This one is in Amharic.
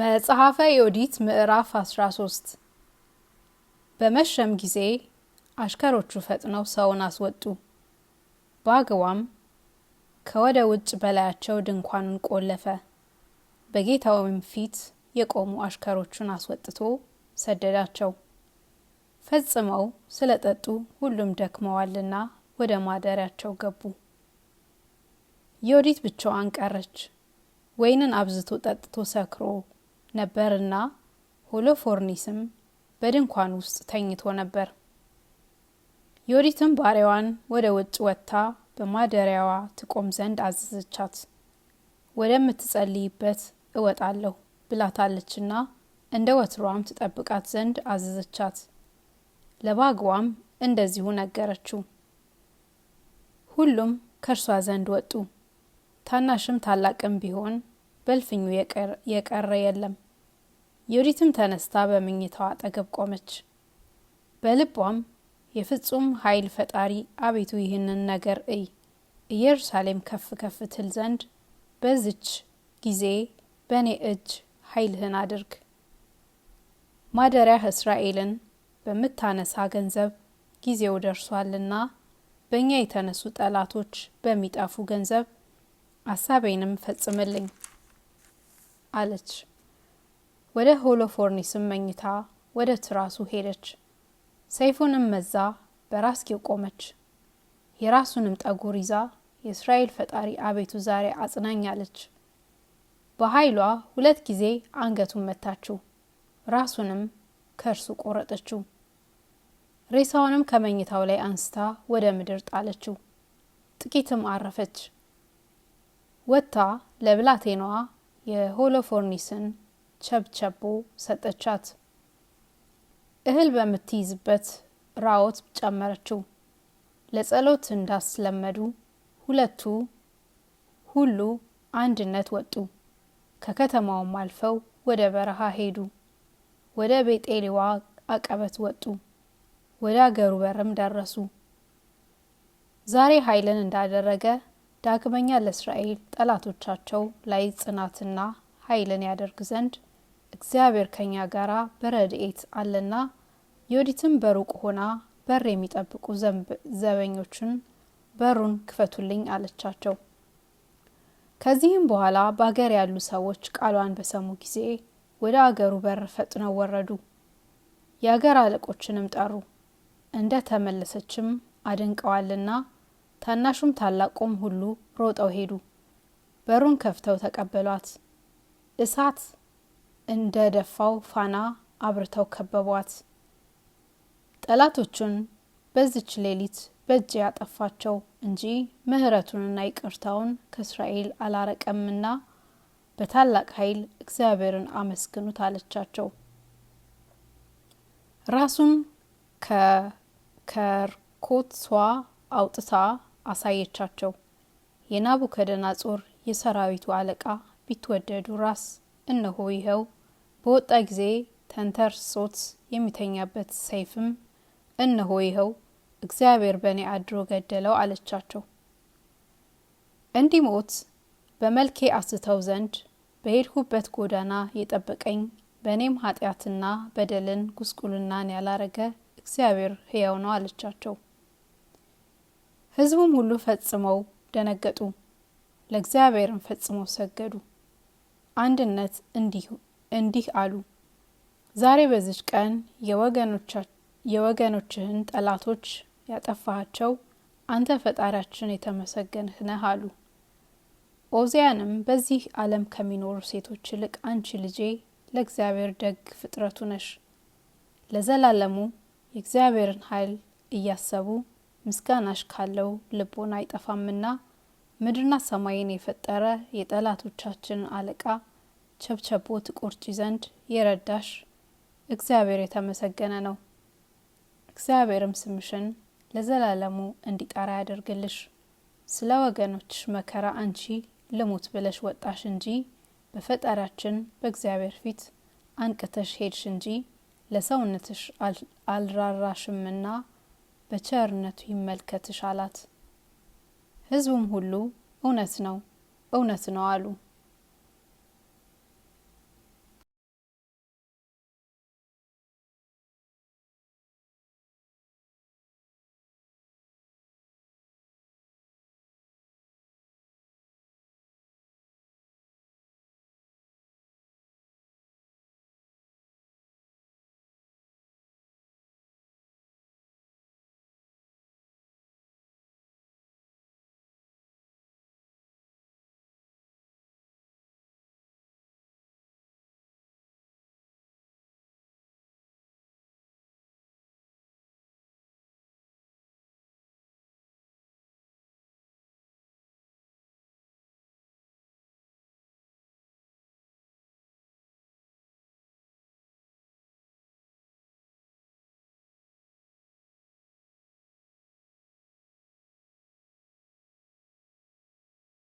መጽሐፈ ዮዲት ምዕራፍ 13 በመሸም ጊዜ አሽከሮቹ ፈጥነው ሰውን አስወጡ። ባግዋም ከወደ ውጭ በላያቸው ድንኳኑን ቆለፈ። በጌታውም ፊት የቆሙ አሽከሮቹን አስወጥቶ ሰደዳቸው። ፈጽመው ስለ ጠጡ ሁሉም ደክመዋልና ወደ ማደሪያቸው ገቡ። ዮዲት ብቻዋን ቀረች። ወይንን አብዝቶ ጠጥቶ ሰክሮ ነበርና ሆሎፎርኒስም በድንኳን ውስጥ ተኝቶ ነበር። ዮዲትም ባሪያዋን ወደ ውጭ ወጥታ በማደሪያዋ ትቆም ዘንድ አዘዘቻት። ወደምትጸልይበት እወጣለሁ ብላታለችና እንደ ወትሯም ትጠብቃት ዘንድ አዘዘቻት። ለባግዋም እንደዚሁ ነገረችው። ሁሉም ከእርሷ ዘንድ ወጡ። ታናሽም ታላቅም ቢሆን በልፍኙ የቀረ የለም። ዩዲትም ተነስታ በመኝታዋ አጠገብ ቆመች። በልቧም የፍጹም ኃይል ፈጣሪ አቤቱ ይህንን ነገር እይ፣ ኢየሩሳሌም ከፍ ከፍ ትል ዘንድ በዚች ጊዜ በእኔ እጅ ኃይልህን አድርግ፣ ማደሪያህ እስራኤልን በምታነሳ ገንዘብ ጊዜው ደርሷልና በእኛ የተነሱ ጠላቶች በሚጠፉ ገንዘብ አሳቤንም ፈጽምልኝ አለች። ወደ ሆሎፎርኒስም መኝታ ወደ ትራሱ ሄደች። ሰይፉንም መዛ፣ በራስጌው ቆመች። የራሱንም ጠጉር ይዛ የእስራኤል ፈጣሪ አቤቱ ዛሬ አጽናኝ አለች። በኃይሏ ሁለት ጊዜ አንገቱን መታችው፣ ራሱንም ከእርሱ ቆረጠችው። ሬሳውንም ከመኝታው ላይ አንስታ ወደ ምድር ጣለችው። ጥቂትም አረፈች። ወጥታ ለብላቴናዋ የሆሎፎርኒስን ቸብቸቦ ሰጠቻት። እህል በምትይዝበት ራዎት ጨመረችው። ለጸሎት እንዳስለመዱ ሁለቱ ሁሉ አንድነት ወጡ። ከከተማውም አልፈው ወደ በረሃ ሄዱ። ወደ ቤጤሌዋ አቀበት ወጡ። ወደ አገሩ በርም ደረሱ። ዛሬ ኃይልን እንዳደረገ ዳግመኛ ለእስራኤል ጠላቶቻቸው ላይ ጽናትና ኃይልን ያደርግ ዘንድ እግዚአብሔር ከኛ ጋራ በረድኤት አለና ዮዲትም በሩቅ ሆና በር የሚጠብቁ ዘበኞችን በሩን ክፈቱልኝ አለቻቸው። ከዚህም በኋላ በአገር ያሉ ሰዎች ቃሏን በሰሙ ጊዜ ወደ አገሩ በር ፈጥነው ወረዱ። የአገር አለቆችንም ጠሩ። እንደ ተመለሰችም አድንቀዋልና ታናሹም ታላቁም ሁሉ ሮጠው ሄዱ። በሩን ከፍተው ተቀበሏት። እሳት እንደ ደፋው ፋና አብርተው ከበቧት። ጠላቶቹን በዚች ሌሊት በእጅ ያጠፋቸው እንጂ ምሕረቱንና ይቅርታውን ከእስራኤል አላረቀምና በታላቅ ኃይል እግዚአብሔርን አመስግኑት አለቻቸው። ራሱን ከከርኮትሷ አውጥታ አሳየቻቸው። የናቡከደነጾር የሰራዊቱ አለቃ ቢትወደዱ ራስ እነሆ ይኸው በወጣ ጊዜ ተንተርሶት የሚተኛበት ሰይፍም እነሆ ይኸው እግዚአብሔር በእኔ አድሮ ገደለው አለቻቸው። እንዲሞት በመልኬ አስተው ዘንድ በሄድሁበት ጎዳና የጠበቀኝ በእኔም ኃጢአትና በደልን ጉስቁልናን ያላረገ እግዚአብሔር ሕያው ነው አለቻቸው። ሕዝቡም ሁሉ ፈጽመው ደነገጡ፣ ለእግዚአብሔርም ፈጽመው ሰገዱ። አንድነት እንዲሁ እንዲህ አሉ። ዛሬ በዚች ቀን የወገኖችህን ጠላቶች ያጠፋሃቸው አንተ ፈጣሪያችን የተመሰገንህ ነህ አሉ። ኦዚያንም በዚህ ዓለም ከሚኖሩ ሴቶች ይልቅ አንቺ ልጄ ለእግዚአብሔር ደግ ፍጥረቱ ነሽ፣ ለዘላለሙ የእግዚአብሔርን ኃይል እያሰቡ ምስጋናሽ ካለው ልቦን አይጠፋምና ምድርና ሰማይን የፈጠረ የጠላቶቻችንን አለቃ ቸብቸቦ ትቆርጪ ዘንድ የረዳሽ እግዚአብሔር የተመሰገነ ነው። እግዚአብሔርም ስምሽን ለዘላለሙ እንዲጠራ ያደርግልሽ። ስለ ወገኖችሽ መከራ አንቺ ልሙት ብለሽ ወጣሽ እንጂ በፈጣሪያችን በእግዚአብሔር ፊት አንቅተሽ ሄድሽ እንጂ ለሰውነትሽ አልራራሽምና በቸርነቱ ይመልከትሽ አላት። ሕዝቡም ሁሉ እውነት ነው፣ እውነት ነው አሉ።